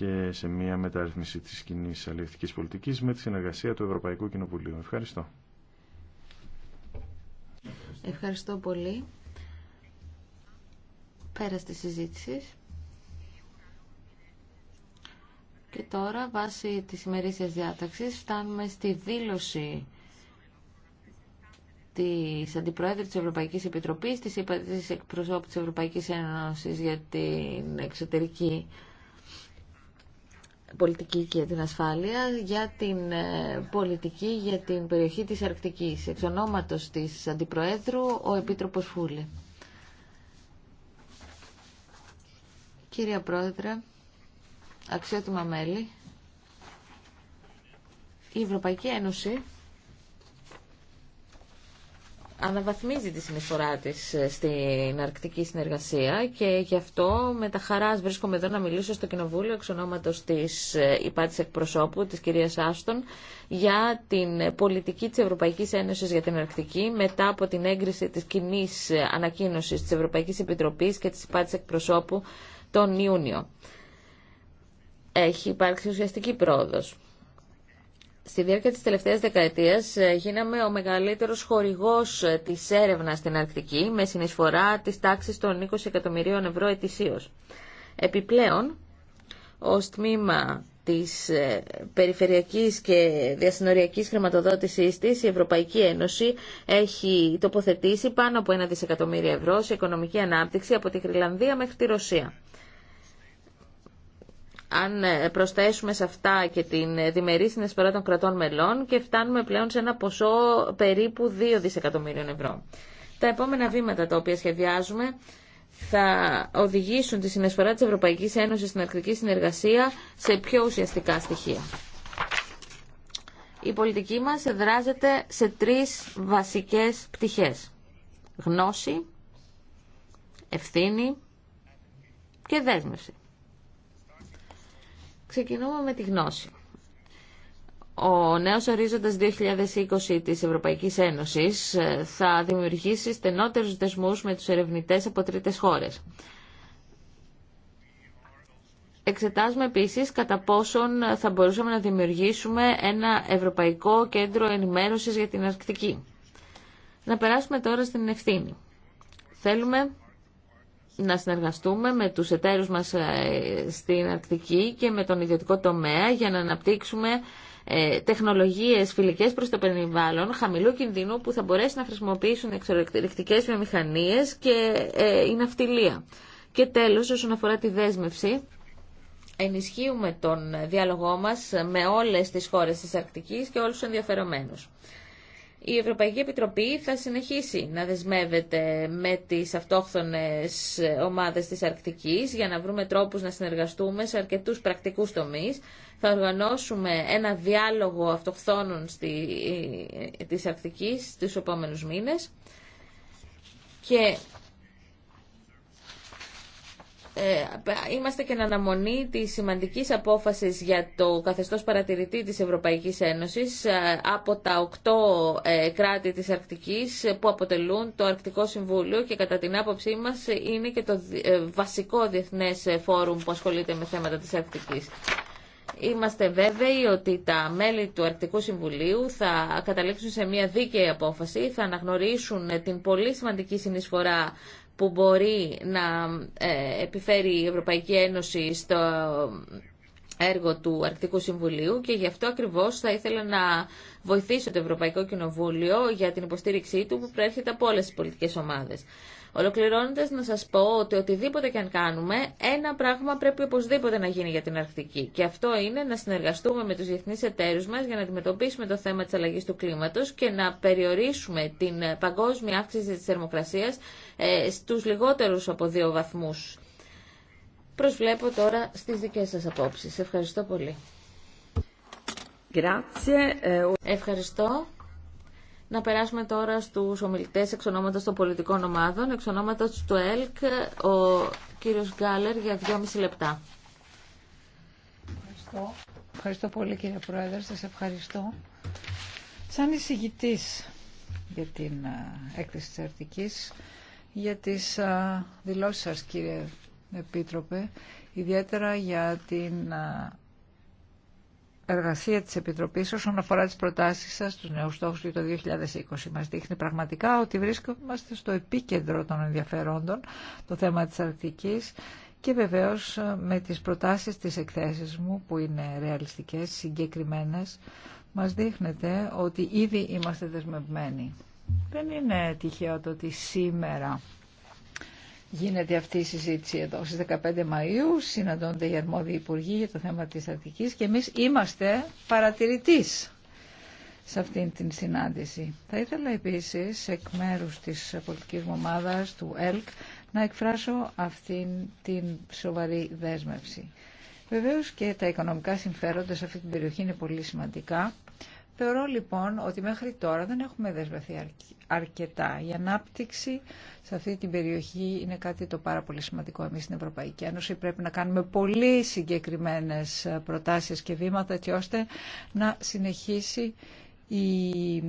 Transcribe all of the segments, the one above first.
και σε μια μεταρρύθμιση της κοινή αλληλευτικής πολιτικής με τη συνεργασία του Ευρωπαϊκού Κοινοβουλίου. Ευχαριστώ. Ευχαριστώ πολύ. Πέρα τη συζήτηση. Και τώρα, βάσει της ημερήσιας διάταξης, φτάνουμε στη δήλωση τη Αντιπροέδρου τη Ευρωπαϊκή Επιτροπή, τη είπα τη εκπροσώπου τη Ευρωπαϊκή Ένωση για την εξωτερική πολιτική και την ασφάλεια, για την ε, πολιτική για την περιοχή της Αρκτικής. Εξ ονόματος της Αντιπροέδρου, ο Επίτροπος Φούλη. Κύριε Πρόεδρε, αξιότιμα μέλη, η Ευρωπαϊκή Ένωση αναβαθμίζει τη συνεισφορά τη ε, στην αρκτική συνεργασία και γι' αυτό με τα χαράς βρίσκομαι εδώ να μιλήσω στο Κοινοβούλιο εξ ονόματο της ε, υπάτης εκπροσώπου της κυρίας Άστον για την ε, πολιτική της Ευρωπαϊκής Ένωση για την Αρκτική μετά από την έγκριση της κοινή ανακοίνωση της Ευρωπαϊκής Επιτροπής και τη υπάτης εκπροσώπου τον Ιούνιο. Έχει υπάρξει ουσιαστική πρόοδος. Στη διάρκεια της τελευταίας δεκαετίας ε, γίναμε ο μεγαλύτερος χορηγός ε, της έρευνας στην Αρκτική με συνεισφορά της τάξης των 20 εκατομμυρίων ευρώ ετησίως. Επιπλέον, ο τμήμα της ε, περιφερειακής και διασυνοριακής χρηματοδότησής της, η Ευρωπαϊκή Ένωση έχει τοποθετήσει πάνω από ένα δισεκατομμύριο ευρώ σε οικονομική ανάπτυξη από τη Γρυλανδία μέχρι τη Ρωσία αν ε, προσθέσουμε σε αυτά και την ε, διμερή συνεισφορά των κρατών μελών και φτάνουμε πλέον σε ένα ποσό περίπου 2 δισεκατομμύριων ευρώ. Τα επόμενα βήματα τα οποία σχεδιάζουμε θα οδηγήσουν τη συνεισφορά της Ευρωπαϊκής Ένωσης στην αρκτική συνεργασία σε πιο ουσιαστικά στοιχεία. Η πολιτική μας εδράζεται σε τρεις βασικές πτυχές. Γνώση, ευθύνη και δέσμευση. Ξεκινούμε με τη γνώση. Ο νέος ορίζοντας 2020 της Ευρωπαϊκής Ένωσης ε, θα δημιουργήσει στενότερους δεσμούς με τους ερευνητές από τρίτες χώρες. Εξετάζουμε επίσης κατά πόσον θα μπορούσαμε να δημιουργήσουμε ένα Ευρωπαϊκό Κέντρο Ενημέρωσης για την Αρκτική. Να περάσουμε τώρα στην ευθύνη. Θέλουμε να συνεργαστούμε με τους εταίρους μας ε, στην Αρκτική και με τον ιδιωτικό τομέα για να αναπτύξουμε ε, τεχνολογίες φιλικές προς το περιβάλλον χαμηλού κινδύνου που θα μπορέσουν να χρησιμοποιήσουν εξορρεκτικές βιομηχανίες και ε, η ναυτιλία. Και τέλος, όσον αφορά τη δέσμευση, ενισχύουμε τον διάλογό μας με όλες τις χώρες της Αρκτικής και όλους τους ενδιαφερομένους η Ευρωπαϊκή Επιτροπή θα συνεχίσει να δεσμεύεται με τις αυτόχθονες ομάδες της Αρκτικής για να βρούμε τρόπους να συνεργαστούμε σε αρκετούς πρακτικούς τομείς. Θα οργανώσουμε ένα διάλογο αυτοχθόνων στη, ε, της Αρκτικής στους επόμενους μήνες. Και ε, είμαστε και να αναμονή τη σημαντική απόφαση για το καθεστώ παρατηρητή της Ευρωπαϊκής Ένωσης ε, από τα οκτώ ε, κράτη της Αρκτικής που αποτελούν το Αρκτικό Συμβούλιο και κατά την άποψή μας είναι και το βασικό διεθνές φόρουμ που ασχολείται με θέματα της Αρκτικής. Είμαστε βέβαιοι ότι τα μέλη του Αρκτικού Συμβουλίου θα καταλήξουν σε μια δίκαιη απόφαση, θα αναγνωρίσουν την πολύ σημαντική συνεισφορά που μπορεί να ε, επιφέρει η Ευρωπαϊκή Ένωση στο έργο του Αρκτικού Συμβουλίου και γι' αυτό ακριβώς θα ήθελα να βοηθήσω το Ευρωπαϊκό Κοινοβούλιο για την υποστήριξή του που προέρχεται από όλες τις πολιτικές ομάδες. Ολοκληρώνοντα να σα πω ότι οτιδήποτε και αν κάνουμε, ένα πράγμα πρέπει οπωσδήποτε να γίνει για την Αρκτική. Και αυτό είναι να συνεργαστούμε με του διεθνεί εταίρου μα για να αντιμετωπίσουμε το θέμα τη αλλαγή του κλίματο και να περιορίσουμε την παγκόσμια αύξηση της θερμοκρασίας ε, στου λιγότερου από δύο βαθμού. Προσβλέπω τώρα στι δικέ σα απόψει. Ευχαριστώ πολύ. Ε, Ευχαριστώ. Να περάσουμε τώρα στους ομιλητές εξ των πολιτικών ομάδων. Εξ του ΕΛΚ, ο κύριος Γκάλερ για δυόμιση λεπτά. Ευχαριστώ. Ευχαριστώ πολύ κύριε Πρόεδρε, σας ευχαριστώ. Σαν εισηγητής για την έκθεση της Αρτικής, για τις δηλώσεις σας κύριε Επίτροπε, ιδιαίτερα για την εργασία της Επιτροπής όσον αφορά τις προτάσεις σας στους νέους στόχους για το 2020. Μας δείχνει πραγματικά ότι βρίσκομαστε στο επίκεντρο των ενδιαφερόντων το θέμα της Αρκτικής και βεβαίως ε, με τις προτάσεις της εκθέσεις μου που είναι ρεαλιστικές, συγκεκριμένες, μας δείχνεται ότι ήδη είμαστε δεσμευμένοι. Δεν είναι τυχαίο το ότι σήμερα γίνεται αυτή η συζήτηση εδώ. Στις 15 Μαΐου συναντώνται οι αρμόδιοι υπουργοί για το θέμα της Αττικής και εμείς είμαστε παρατηρητής σε αυτήν την συνάντηση. Θα ήθελα επίσης εκ μέρους της πολιτικής μου ομάδας, του ΕΛΚ, να εκφράσω αυτήν την σοβαρή δέσμευση. Βεβαίως και τα οικονομικά συμφέροντα σε αυτή την περιοχή είναι πολύ σημαντικά. Θεωρώ λοιπόν ότι μέχρι τώρα δεν έχουμε δεσμευθεί αρκετά. Η ανάπτυξη σε αυτή την περιοχή είναι κάτι το πάρα πολύ σημαντικό. Εμείς στην Ευρωπαϊκή Ένωση πρέπει να κάνουμε πολύ συγκεκριμένες ε, προτάσεις και βήματα έτσι ώστε να συνεχίσει η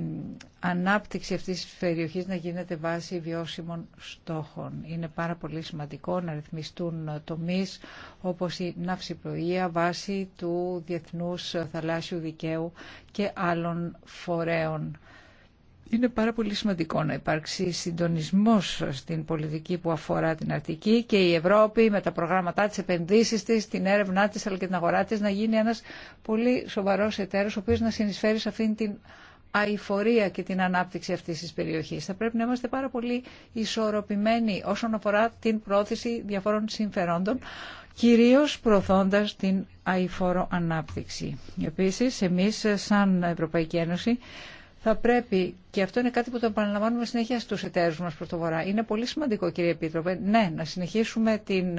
ανάπτυξη αυτής της περιοχής να γίνεται βάση βιώσιμων στόχων. Είναι πάρα πολύ σημαντικό να ρυθμιστούν τομείς όπως η ναυσιπλοεία βάση του Διεθνούς Θαλάσσιου Δικαίου και άλλων φορέων. Είναι πάρα πολύ σημαντικό να υπάρξει συντονισμός στην πολιτική που αφορά την Αρκτική και η Ευρώπη με τα προγράμματά της, επενδύσεις της, την έρευνά της αλλά και την αγορά της να γίνει ένας πολύ σοβαρός εταίρος ο οποίος να συνεισφέρει σε αυτήν την αηφορία και την ανάπτυξη αυτής της περιοχής. Θα πρέπει να είμαστε πάρα πολύ ισορροπημένοι όσον αφορά την πρόθεση διαφόρων συμφερόντων, κυρίως προωθώντας την αηφόρο ανάπτυξη. Επίσης, εμείς σαν Ευρωπαϊκή Ένωση θα πρέπει, και αυτό είναι κάτι που το επαναλαμβάνουμε συνέχεια στους εταίρους μας προ το Βορρά, είναι πολύ σημαντικό κύριε Επίτροπε, ναι, να συνεχίσουμε την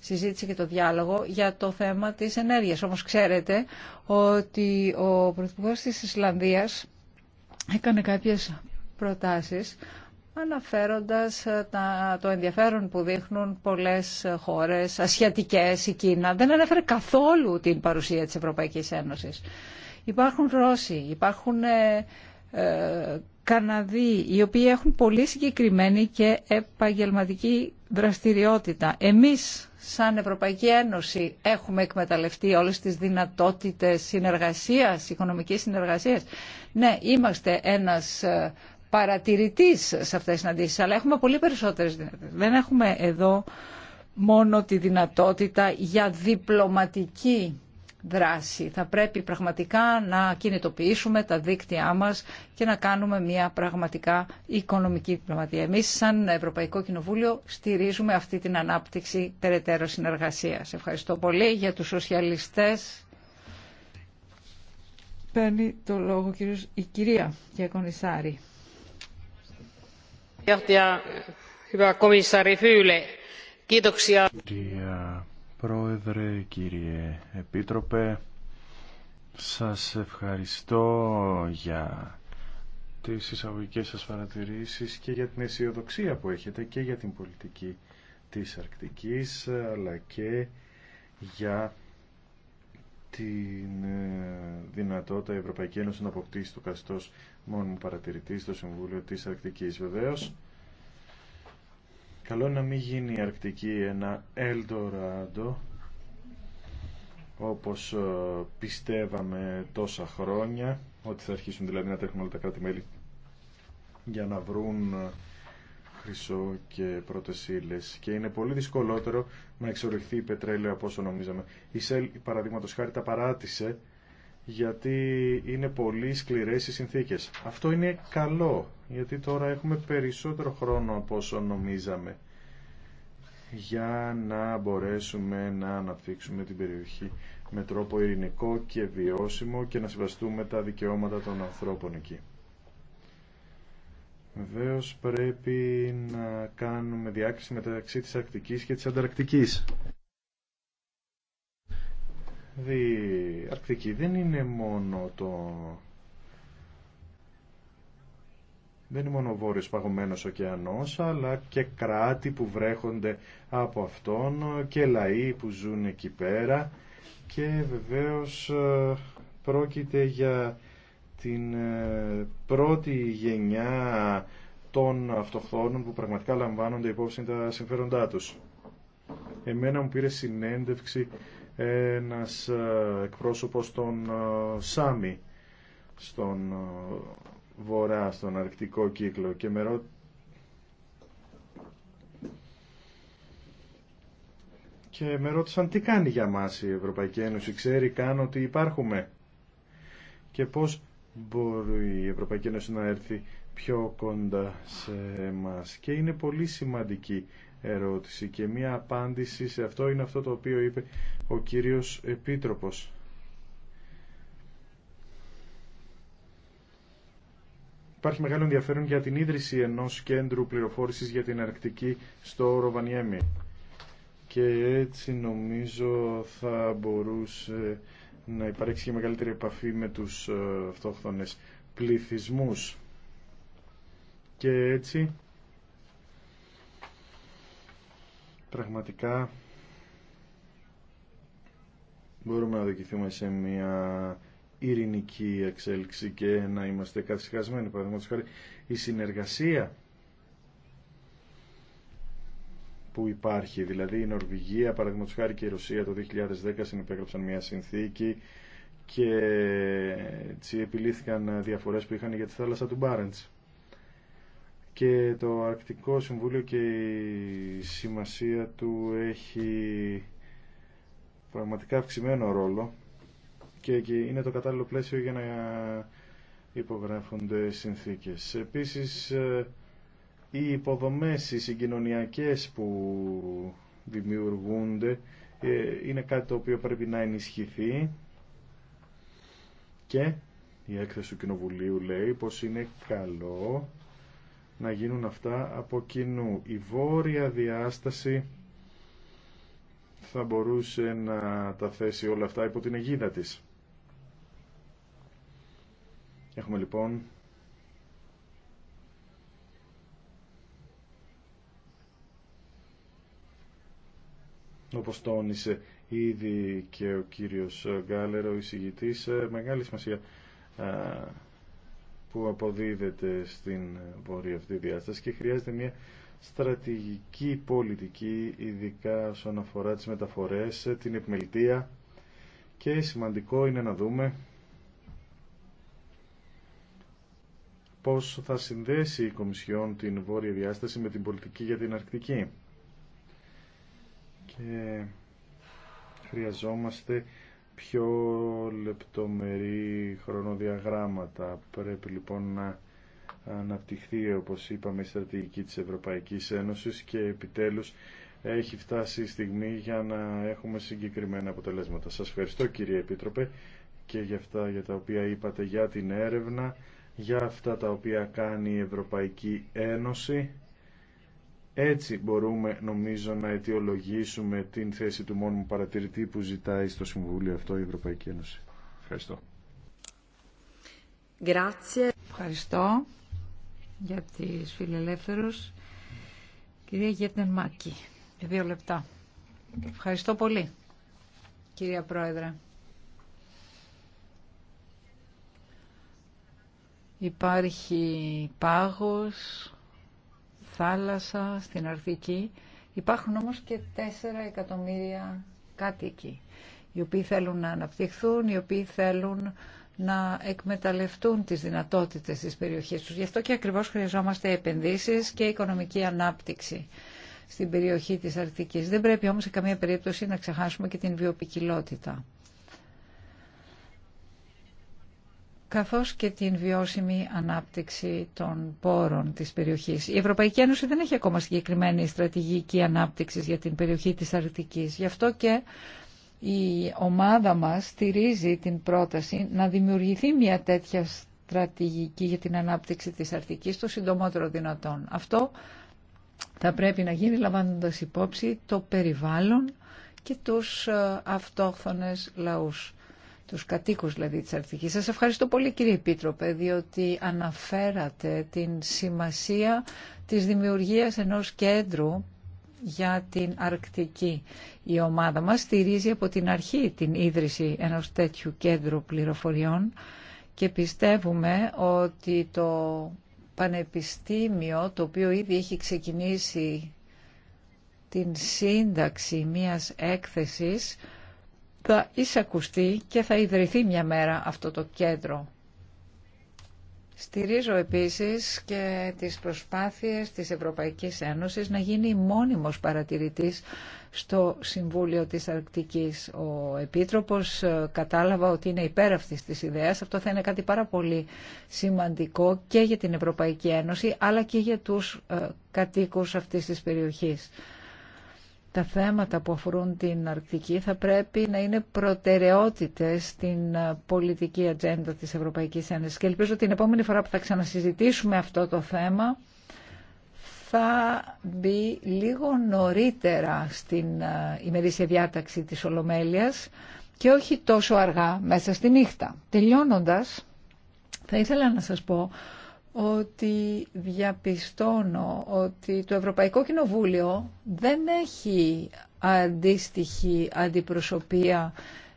συζήτηση και το διάλογο για το θέμα της ενέργειας. Όμω, ξέρετε ότι ο Πρωθυπουργό της Ισλανδίας έκανε κάποιες προτάσεις αναφέροντας το ενδιαφέρον που δείχνουν πολλές χώρες ασιατικές, η Κίνα. Δεν ανέφερε καθόλου την παρουσία της Ευρωπαϊκής Ένωσης. Υπάρχουν Ρώσοι, υπάρχουν ε, ε, Καναδοί, οι οποίοι έχουν πολύ συγκεκριμένη και επαγγελματική δραστηριότητα. Εμείς, σαν Ευρωπαϊκή Ένωση, έχουμε εκμεταλλευτεί όλες τις δυνατότητες συνεργασίας, οικονομικής συνεργασίας. Ναι, είμαστε ένας ε, παρατηρητής σε αυτές τις συναντήσεις, αλλά έχουμε πολύ περισσότερες δυνατότητες. Δεν έχουμε εδώ μόνο τη δυνατότητα για διπλωματική δράση. Θα πρέπει πραγματικά να κινητοποιήσουμε τα δίκτυά μας και να κάνουμε μια πραγματικά οικονομική διπλωματία. Εμείς σαν Ευρωπαϊκό Κοινοβούλιο στηρίζουμε αυτή την ανάπτυξη περαιτέρω συνεργασίας. Ευχαριστώ πολύ για τους σοσιαλιστές. Παίρνει το λόγο κύριος, η κυρία Γιακονισάρη. Κύριε Πρόεδρε, κύριε Επίτροπε, σας ευχαριστώ για τις εισαγωγικέ σας παρατηρήσεις και για την αισιοδοξία που έχετε και για την πολιτική της Αρκτικής αλλά και για την ε, δυνατότητα η Ευρωπαϊκή Ένωση να αποκτήσει το καστός μόνιμου παρατηρητή στο Συμβούλιο της Αρκτικής. Βεβαίως, Καλό να μην γίνει η Αρκτική ένα Eldorado, όπως ε, πιστεύαμε τόσα χρόνια ότι θα αρχίσουν δηλαδή να τρέχουν όλα τα κράτη-μέλη για να βρουν ε, χρυσό και πρώτες ύλες. Και είναι πολύ δυσκολότερο να εξορυχθεί η πετρέλαιο από όσο νομίζαμε. Η ΣΕΛ, παραδείγματος χάρη, τα παράτησε γιατί είναι πολύ σκληρές οι συνθήκες. Αυτό είναι καλό γιατί τώρα έχουμε περισσότερο χρόνο από όσο νομίζαμε για να μπορέσουμε να αναπτύξουμε την περιοχή με τρόπο ειρηνικό και βιώσιμο και να συμβαστούμε τα δικαιώματα των ανθρώπων εκεί. Βεβαίω πρέπει να κάνουμε διάκριση μεταξύ της Αρκτικής και της Ανταρκτικής. Η Αρκτική δεν είναι μόνο το δεν είναι μόνο ο Βόρειος Παγωμένος Ωκεανός, αλλά και κράτη που βρέχονται από αυτόν και λαοί που ζουν εκεί πέρα και βεβαίως ε, πρόκειται για την ε, πρώτη γενιά των αυτοχθόνων που πραγματικά λαμβάνονται υπόψη τα συμφέροντά τους. Εμένα μου πήρε συνέντευξη ένας ε, εκπρόσωπος των Σάμι στον βορρά στον αρκτικό κύκλο και με και ρώτησαν τι κάνει για μας η Ευρωπαϊκή Ένωση ξέρει καν ότι υπάρχουμε και πώς μπορεί η Ευρωπαϊκή Ένωση να έρθει πιο κοντά σε μας και είναι πολύ σημαντική ερώτηση και μία απάντηση σε αυτό είναι αυτό το οποίο είπε ο κύριος Επίτροπος Υπάρχει μεγάλο ενδιαφέρον για την ίδρυση ενός κέντρου πληροφόρησης για την Αρκτική στο Ροβανιέμι. Και έτσι νομίζω θα μπορούσε να υπάρξει και μεγαλύτερη επαφή με τους ε, αυτόχθονες πληθυσμού. Και έτσι πραγματικά μπορούμε να δοκιθούμε σε μια ειρηνική εξέλιξη και να είμαστε καθυσυχασμένοι. Παραδείγματος χάρη η συνεργασία που υπάρχει, δηλαδή η Νορβηγία, παραδείγματος χάρη και η Ρωσία το 2010 συνεπέγραψαν μια συνθήκη και έτσι επιλύθηκαν διαφορές που είχαν για τη θάλασσα του Μπάρεντς. Και το Αρκτικό Συμβούλιο και η σημασία του έχει πραγματικά αυξημένο ρόλο και εκεί είναι το κατάλληλο πλαίσιο για να υπογράφονται συνθήκες. Επίσης, ε, οι υποδομές οι συγκοινωνιακές που δημιουργούνται ε, είναι κάτι το οποίο πρέπει να ενισχυθεί και η έκθεση του Κοινοβουλίου λέει πως είναι καλό να γίνουν αυτά από κοινού. Η βόρεια διάσταση θα μπορούσε να τα θέσει όλα αυτά υπό την αιγίδα της. Έχουμε λοιπόν όπως τόνισε ήδη και ο κύριος Γκάλερ, ο εισηγητής, ε, μεγάλη σημασία ε, που αποδίδεται στην πορεία αυτή διάσταση και χρειάζεται μια στρατηγική πολιτική, ειδικά όσον αφορά τις μεταφορές, ε, την επιμελητία και σημαντικό είναι να δούμε πώς θα συνδέσει η Κομισιόν την βόρεια διάσταση με την πολιτική για την Αρκτική. Και χρειαζόμαστε πιο λεπτομερή χρονοδιαγράμματα. Πρέπει λοιπόν να αναπτυχθεί, όπως είπαμε, η στρατηγική της Ευρωπαϊκής Ένωσης και επιτέλους έχει φτάσει η στιγμή για να έχουμε συγκεκριμένα αποτελέσματα. Σας ευχαριστώ κύριε Επίτροπε και για αυτά για τα οποία είπατε για την έρευνα για αυτά τα οποία κάνει η Ευρωπαϊκή Ένωση. Έτσι μπορούμε νομίζω να αιτιολογήσουμε την θέση του μόνιμου παρατηρητή που ζητάει στο Συμβούλιο αυτό η Ευρωπαϊκή Ένωση. Ευχαριστώ. Ευχαριστώ για τις φιλελεύθερους. Κυρία Γέτνερ Μάκη, δύο λεπτά. Ευχαριστώ πολύ, κυρία Πρόεδρε. Υπάρχει πάγος, θάλασσα στην Αρκτική. Υπάρχουν όμως και 4 εκατομμύρια κάτοικοι, οι οποίοι θέλουν να αναπτυχθούν, οι οποίοι θέλουν να εκμεταλλευτούν τις δυνατότητες της περιοχής τους. Γι' αυτό και ακριβώς χρειαζόμαστε επενδύσεις και οικονομική ανάπτυξη στην περιοχή της Αρκτικής. Δεν πρέπει όμως σε καμία περίπτωση να ξεχάσουμε και την βιοπικιλότητα. καθώς και την βιώσιμη ανάπτυξη των πόρων της περιοχής. Η Ευρωπαϊκή Ένωση δεν έχει ακόμα συγκεκριμένη στρατηγική ανάπτυξη για την περιοχή της Αρκτικής. Γι' αυτό και η ομάδα μας στηρίζει την πρόταση να δημιουργηθεί μια τέτοια στρατηγική για την ανάπτυξη της Αρκτικής το συντομότερο δυνατόν. Αυτό θα πρέπει να γίνει λαμβάνοντας υπόψη το περιβάλλον και τους ε, αυτόχθονες λαούς τους κατοίκους δηλαδή της Αρκτικής. Σας ευχαριστώ πολύ κύριε Επίτροπε, διότι αναφέρατε την σημασία της δημιουργίας ενός κέντρου για την Αρκτική. Η ομάδα μας στηρίζει από την αρχή την ίδρυση ενός τέτοιου κέντρου πληροφοριών και πιστεύουμε ότι το πανεπιστήμιο το οποίο ήδη έχει ξεκινήσει την σύνταξη μιας έκθεσης θα εισακουστεί και θα ιδρυθεί μια μέρα αυτό το κέντρο. Στηρίζω επίσης και τις προσπάθειες της Ευρωπαϊκής Ένωσης να γίνει μόνιμος παρατηρητής στο Συμβούλιο της Αρκτικής. Ο Επίτροπος ε, κατάλαβα ότι είναι υπέρ αυτής της ιδέας. Αυτό θα είναι κάτι πάρα πολύ σημαντικό και για την Ευρωπαϊκή Ένωση αλλά και για τους ε, κατοίκους αυτής της περιοχής τα θέματα που αφορούν την Αρκτική θα πρέπει να είναι προτεραιότητες στην ε, πολιτική ατζέντα της Ευρωπαϊκής Ένωσης. Και ελπίζω την επόμενη φορά που θα ξανασυζητήσουμε αυτό το θέμα θα μπει λίγο νωρίτερα στην ε, ημερήσια διάταξη της Ολομέλειας και όχι τόσο αργά μέσα στη νύχτα. Τελειώνοντας, θα ήθελα να σας πω ότι διαπιστώνω ότι το Ευρωπαϊκό Κοινοβούλιο δεν έχει αντίστοιχη αντιπροσωπεία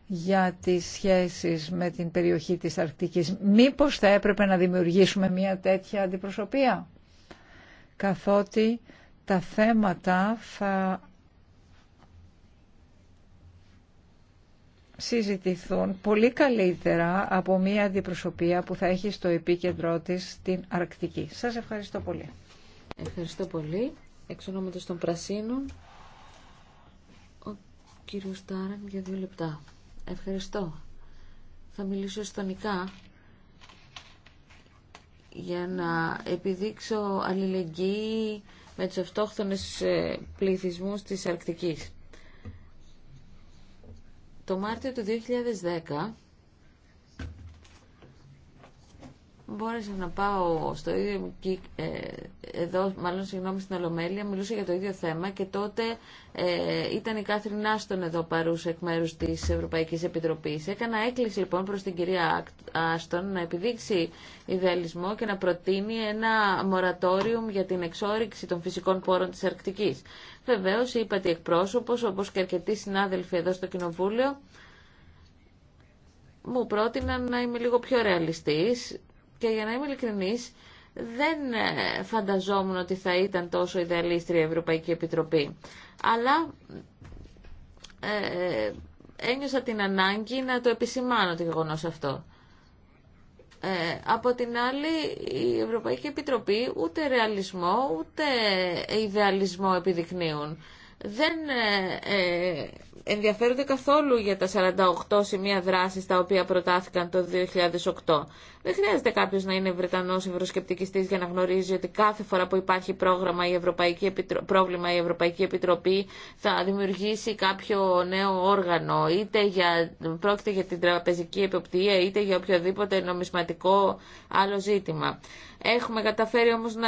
για τις σχέσεις με την περιοχή της Αρκτικής. Μήπως θα έπρεπε να δημιουργήσουμε μια τέτοια αντιπροσωπεία, καθότι τα θέματα θα συζητηθούν πολύ καλύτερα από μια αντιπροσωπεία που θα έχει στο επίκεντρό της την Αρκτική. Σας ευχαριστώ πολύ. Ευχαριστώ πολύ. Εξ ονόματος των Πρασίνων, ο κύριος Τάραν για δύο λεπτά. Ευχαριστώ. Θα μιλήσω εστονικά για να επιδείξω αλληλεγγύη με τους αυτόχθονες ε, πληθυσμούς της Αρκτικής. Το Μάρτιο του 2010 μπόρεσα να πάω στο ίδιο ε, εδώ, μάλλον συγγνώμη στην Ολομέλεια, μιλούσα για το ίδιο θέμα και τότε ε, ήταν η Κάθριν Άστον εδώ παρούσα εκ μέρους της Ευρωπαϊκής Επιτροπής. Έκανα έκκληση λοιπόν προς την κυρία Άστον να επιδείξει ιδεαλισμό και να προτείνει ένα μορατόριουμ για την εξόριξη των φυσικών πόρων της Αρκτικής. Βεβαίως είπα ότι εκπρόσωπος, όπως και αρκετοί συνάδελφοι εδώ στο Κοινοβούλιο, μου πρότειναν να είμαι λίγο πιο ρεαλιστής και για να είμαι ειλικρινής, δεν ε, φανταζόμουν ότι θα ήταν τόσο ιδεαλίστρια η Ευρωπαϊκή Επιτροπή. Αλλά ε, ε ένιωσα την ανάγκη να το επισημάνω το γεγονό αυτό. Ε, από την άλλη, η Ευρωπαϊκή Επιτροπή ούτε ρεαλισμό ούτε ιδεαλισμό επιδεικνύουν. Δεν ενδιαφέρονται καθόλου για τα 48 σημεία δράσης τα οποία προτάθηκαν το 2008. Δεν χρειάζεται κάποιο να είναι Βρετανό ευρωσκεπτικιστή για να γνωρίζει ότι κάθε φορά που υπάρχει πρόγραμμα η Ευρωπαϊκή πρόβλημα η Ευρωπαϊκή Επιτροπή θα δημιουργήσει κάποιο νέο όργανο, είτε για... πρόκειται για την τραπεζική εποπτεία, είτε για οποιοδήποτε νομισματικό άλλο ζήτημα. Έχουμε καταφέρει όμως να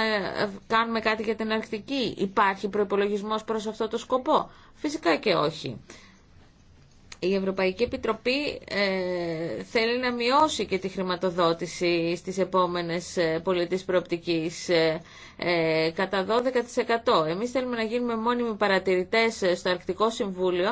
κάνουμε κάτι για την Αρκτική. Υπάρχει προϋπολογισμός προς αυτό το σκοπό. Φυσικά και όχι η Ευρωπαϊκή Επιτροπή ε, θέλει να μειώσει και τη χρηματοδότηση στις επόμενες ε, πολιτικές προοπτικής ε, ε, κατά 12%. Εμείς θέλουμε να γίνουμε μόνιμοι παρατηρητές στο Αρκτικό Συμβούλιο,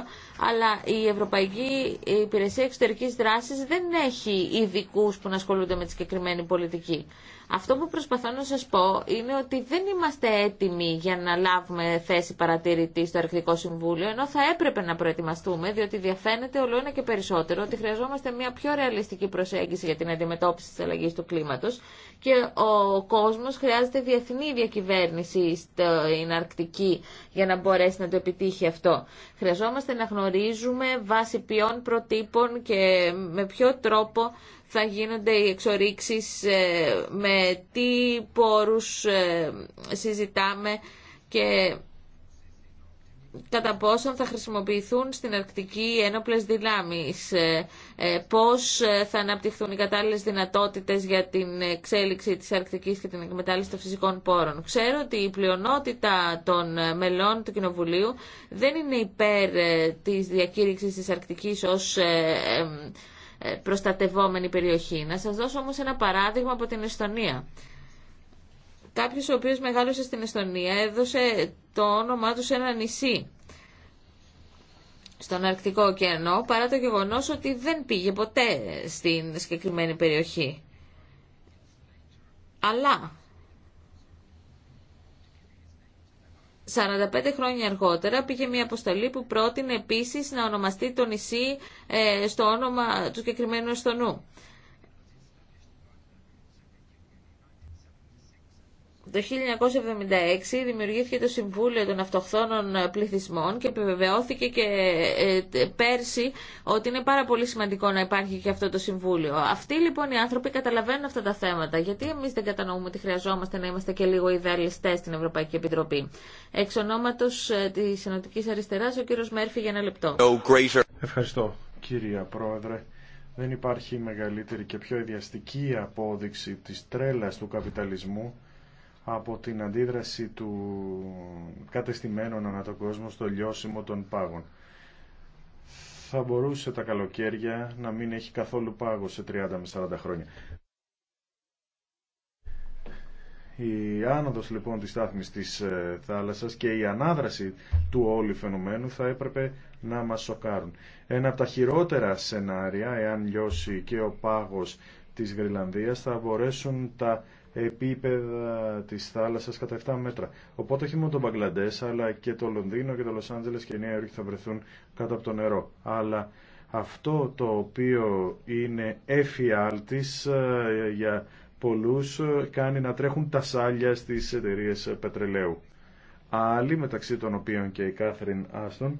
αλλά η Ευρωπαϊκή Υπηρεσία Εξωτερικής Δράσης δεν έχει ειδικού που να ασχολούνται με τη συγκεκριμένη πολιτική. Αυτό που προσπαθώ να σας πω είναι ότι δεν είμαστε έτοιμοι για να λάβουμε θέση παρατηρητή στο Αρκτικό Συμβούλιο, ενώ θα έπρεπε να προετοιμαστούμε, διότι διαφαίνεται όλο και περισσότερο ότι χρειαζόμαστε μια πιο ρεαλιστική προσέγγιση για την αντιμετώπιση της αλλαγής του κλίματος και ο κόσμος χρειάζεται διεθνή διακυβέρνηση στην Αρκτική για να μπορέσει να το επιτύχει αυτό. Χρειαζόμαστε να γνωρίζουμε βάσει ποιών προτύπων και με ποιο τρόπο θα γίνονται οι εξορίξεις, ε, με τι πόρους ε, συζητάμε και κατά πόσον θα χρησιμοποιηθούν στην Αρκτική ένοπλες δυνάμεις, ε, πώς θα αναπτυχθούν οι κατάλληλες δυνατότητες για την εξέλιξη της Αρκτικής και την εκμετάλλευση των φυσικών πόρων. Ξέρω ότι η πλειονότητα των μελών του Κοινοβουλίου δεν είναι υπέρ της διακήρυξης της Αρκτικής ως ε, προστατευόμενη περιοχή. Να σας δώσω όμως ένα παράδειγμα από την Εστονία. Κάποιος ο οποίος μεγάλωσε στην Εστονία έδωσε το όνομά του σε ένα νησί στον Αρκτικό ωκεανό παρά το γεγονός ότι δεν πήγε ποτέ στην συγκεκριμένη περιοχή. Αλλά 45 χρόνια αργότερα πήγε μια αποστολή που πρότεινε επίσης να ονομαστεί το νησί ε, στο όνομα του συγκεκριμένου Εστονού. Το 1976 δημιουργήθηκε το Συμβούλιο των Αυτοχθόνων Πληθυσμών και επιβεβαιώθηκε και ε, πέρσι ότι είναι πάρα πολύ σημαντικό να υπάρχει και αυτό το Συμβούλιο. Αυτοί λοιπόν οι άνθρωποι καταλαβαίνουν αυτά τα θέματα. Γιατί εμεί δεν κατανοούμε ότι χρειαζόμαστε να είμαστε και λίγο ιδεαλιστέ στην Ευρωπαϊκή Επιτροπή. Εξ ονόματο ε, τη Ενωτική Αριστερά, ο κύριο Μέρφυ για ένα λεπτό. Ευχαριστώ κυρία Πρόεδρε. Δεν υπάρχει μεγαλύτερη και πιο ιδιαστική απόδειξη της τρέλας του καπιταλισμού από την αντίδραση του κατεστημένων ανά τον κόσμο στο λιώσιμο των πάγων. Θα μπορούσε τα καλοκαίρια να μην έχει καθόλου πάγο σε 30 με 40 χρόνια. Η άνοδος λοιπόν της στάθμης της ε, θάλασσας και η ανάδραση του όλου φαινομένου θα έπρεπε να μας σοκάρουν. Ένα από τα χειρότερα σενάρια, εάν λιώσει και ο πάγος της Γρυλανδίας, θα μπορέσουν τα επίπεδα της θάλασσας κατά 7 μέτρα. Οπότε όχι μόνο το Μπαγκλαντές, αλλά και το Λονδίνο και το Λος Άντζελες και η Νέα Υόρκη θα βρεθούν κάτω από το νερό. Αλλά αυτό το οποίο είναι εφιάλτης ε, για πολλούς ε, κάνει να τρέχουν τα σάλια στις εταιρείε ε, πετρελαίου. Άλλοι, μεταξύ των οποίων και η Κάθριν Άστον,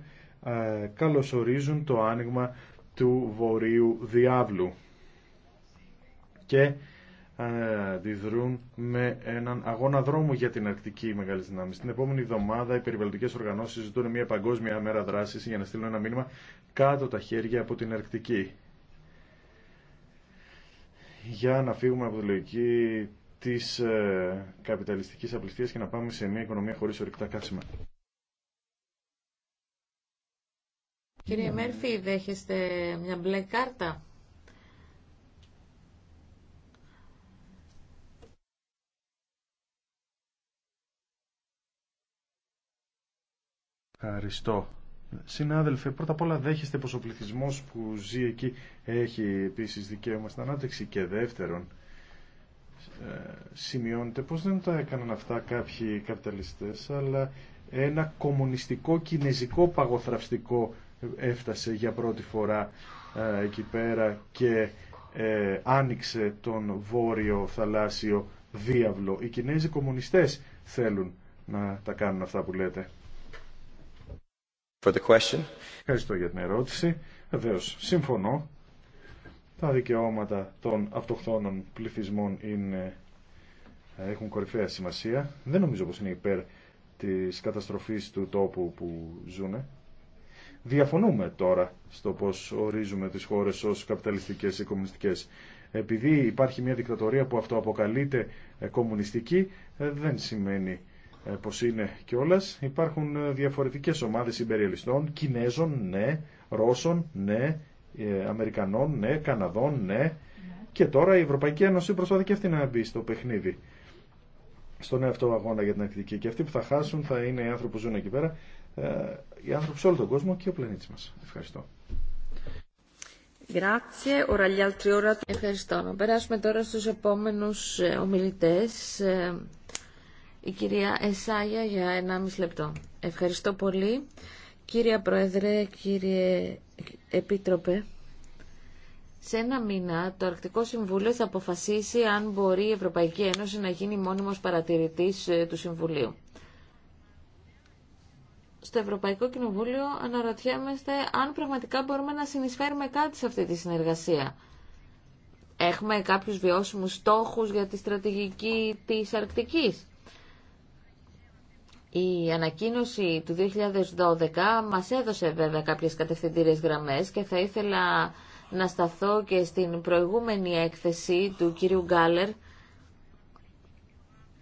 καλωσορίζουν το άνοιγμα του βορείου διάβλου. Και αντιδρούν με έναν αγώνα δρόμου για την Αρκτική μεγάλη δυνάμει. Την επόμενη εβδομάδα οι περιβαλλοντικέ οργανώσει ζητούν μια παγκόσμια μέρα δράση για να στείλουν ένα μήνυμα κάτω τα χέρια από την Αρκτική. Για να φύγουμε από τη λογική τη ε, καπιταλιστική απληστία και να πάμε σε μια οικονομία χωρί ορυκτά καύσιμα. Κύριε Μέρφυ, δέχεστε μια μπλε κάρτα. Ευχαριστώ. Συνάδελφε, πρώτα απ' όλα δέχεστε πως ο πληθυσμό που ζει εκεί έχει επίσης δικαίωμα στην ανάπτυξη και δεύτερον ε, σημειώνεται πως δεν τα έκαναν αυτά κάποιοι καπιταλιστές αλλά ένα κομμουνιστικό κινέζικο παγοθραυστικό έφτασε για πρώτη φορά ε, εκεί πέρα και ε, άνοιξε τον βόρειο θαλάσσιο διάβλο. Οι Κινέζοι κομμουνιστές θέλουν να τα κάνουν αυτά που λέτε. Ευχαριστώ για την ερώτηση. Βεβαίω, συμφωνώ. Τα δικαιώματα των αυτοχθόνων πληθυσμών είναι, έχουν κορυφαία σημασία. Δεν νομίζω πως είναι υπέρ της καταστροφής του τόπου που ζούνε. Διαφωνούμε τώρα στο πώς ορίζουμε τις χώρες ως καπιταλιστικές ή κομμουνιστικές. Επειδή υπάρχει μια δικτατορία που αυτοαποκαλείται ε, κομμουνιστική, ε, δεν σημαίνει ε, πως είναι κιόλα. Υπάρχουν ε, διαφορετικέ ομάδε συμπεριελιστών, Κινέζων, ναι, Ρώσων, ναι, ε, Αμερικανών, ναι, Καναδών, ναι. Και τώρα η Ευρωπαϊκή Ένωση προσπαθεί και αυτή να μπει στο παιχνίδι. Στον εαυτό αγώνα για την Αρκτική. Και αυτοί που θα χάσουν θα είναι οι άνθρωποι που ζουν εκεί πέρα, οι άνθρωποι σε όλο τον κόσμο και ο πλανήτη μα. Ευχαριστώ. Ευχαριστώ. Να περάσουμε τώρα στους επόμενους ομιλητέ. Η κυρία Εσάγια για 1,5 λεπτό. Ευχαριστώ πολύ. Κυρία Πρόεδρε, κύριε Επίτροπε, σε ένα μήνα το Αρκτικό Συμβούλιο θα αποφασίσει αν μπορεί η Ευρωπαϊκή Ένωση να γίνει μόνιμος παρατηρητής ε, του Συμβουλίου. Στο Ευρωπαϊκό Κοινοβούλιο αναρωτιέμαστε αν πραγματικά μπορούμε να συνεισφέρουμε κάτι σε αυτή τη συνεργασία. Έχουμε κάποιους βιώσιμους στόχους για τη στρατηγική της Αρκτικής. Η ανακοίνωση του 2012 μας έδωσε βέβαια κάποιες κατευθυντήριες γραμμές και θα ήθελα να σταθώ και στην προηγούμενη έκθεση του κυρίου Γκάλερ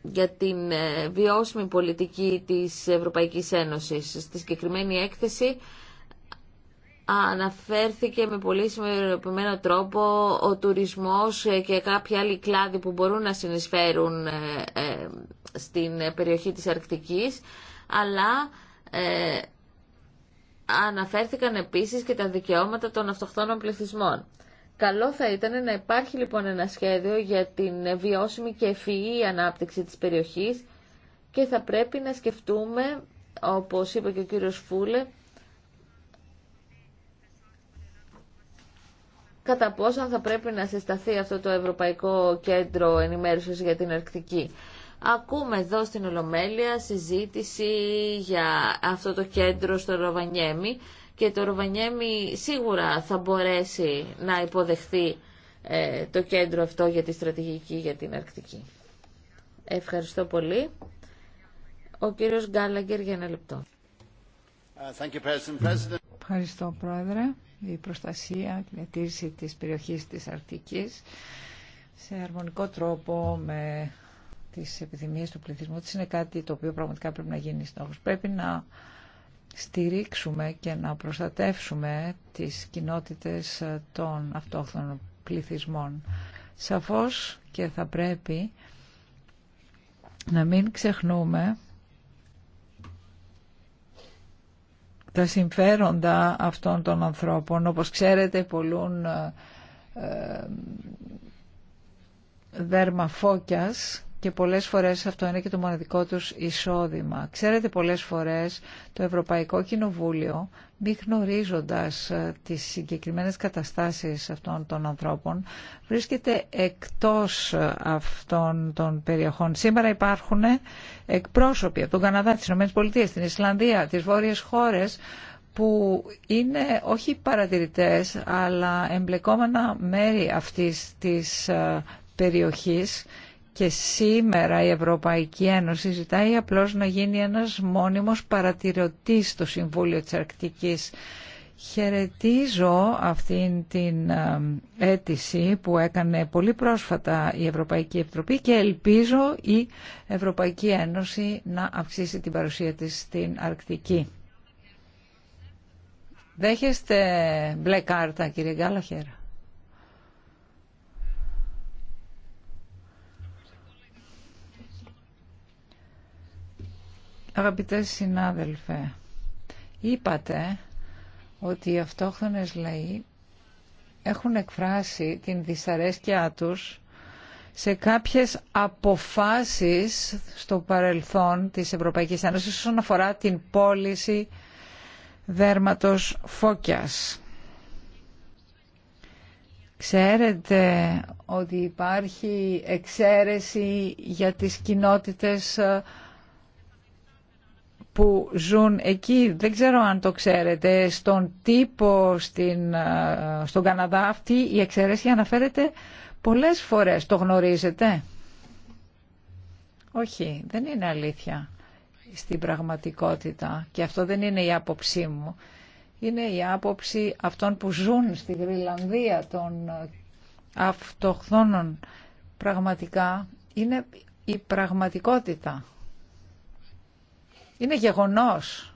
για την ε, βιώσιμη πολιτική της Ευρωπαϊκής Ένωσης. Στη συγκεκριμένη έκθεση αναφέρθηκε με πολύ σημαντικό τρόπο ο τουρισμός και κάποια άλλη κλάδοι που μπορούν να συνεισφέρουν ε, ε, στην περιοχή της Αρκτικής, αλλά ε, αναφέρθηκαν επίσης και τα δικαιώματα των αυτοχθόνων πληθυσμών. Καλό θα ήταν να υπάρχει λοιπόν ένα σχέδιο για την βιώσιμη και ευφυή ανάπτυξη της περιοχής και θα πρέπει να σκεφτούμε, όπως είπε και ο κύριος Φούλε, κατά πόσο θα πρέπει να συσταθεί αυτό το Ευρωπαϊκό Κέντρο Ενημέρωσης για την Αρκτική. Ακούμε εδώ στην Ολομέλεια συζήτηση για αυτό το κέντρο στο Ροβανιέμι και το Ροβανιέμι σίγουρα θα μπορέσει να υποδεχθεί ε, το κέντρο αυτό για τη στρατηγική για την Αρκτική. Ευχαριστώ πολύ. Ο κύριος Γκάλαγκερ για ένα λεπτό. Ευχαριστώ, Πρόεδρε η προστασία και η διατήρηση της περιοχής της Αρκτικής σε αρμονικό τρόπο με τις επιδημίες του πληθυσμού της είναι κάτι το οποίο πραγματικά πρέπει να γίνει στόχος. Πρέπει να στηρίξουμε και να προστατεύσουμε τις κοινότητες των αυτόχθων πληθυσμών. Σαφώς και θα πρέπει να μην ξεχνούμε τα συμφέροντα αυτών των ανθρώπων. Όπως ξέρετε πολλούν ε, ε, δέρμα φώκιας και πολλές φορές αυτό είναι και το μοναδικό τους εισόδημα. Ξέρετε πολλές φορές το Ευρωπαϊκό Κοινοβούλιο μη γνωρίζοντα ε, τις συγκεκριμένες καταστάσεις αυτών των ανθρώπων βρίσκεται εκτός ε, αυτών των περιοχών. Σήμερα υπάρχουν εκπρόσωποι από τον Καναδά, τις ΗΠΑ, την Ισλανδία, τις βόρειες χώρες που είναι όχι παρατηρητές αλλά εμπλεκόμενα μέρη αυτής της ε, περιοχής και σήμερα η Ευρωπαϊκή Ένωση ζητάει απλώς να γίνει ένας μόνιμος παρατηρωτής στο Συμβούλιο της Αρκτικής. Χαιρετίζω αυτήν την ε, αίτηση που έκανε πολύ πρόσφατα η Ευρωπαϊκή Επιτροπή και ελπίζω η Ευρωπαϊκή Ένωση να αυξήσει την παρουσία της στην Αρκτική. Δέχεστε μπλε κάρτα κύριε Γκάλαχερα. Αγαπητέ συνάδελφε, είπατε ότι οι αυτόχθονες λαοί έχουν εκφράσει την δυσαρέσκειά τους σε κάποιες αποφάσεις στο παρελθόν της Ευρωπαϊκής Ένωσης όσον αφορά την πώληση δέρματος φώκιας. Ξέρετε ότι υπάρχει εξαίρεση για τις κοινότητες ε, που ζουν εκεί. Δεν ξέρω αν το ξέρετε. Στον τύπο στην, ε, στον Καναδά αυτή η εξαιρέση αναφέρεται πολλές φορές. Το γνωρίζετε. Όχι, δεν είναι αλήθεια στην πραγματικότητα και αυτό δεν είναι η άποψή μου. Είναι η άποψη αυτών που ζουν στη Γρυλανδία των αυτοχθόνων πραγματικά. Είναι η πραγματικότητα. Είναι γεγονός.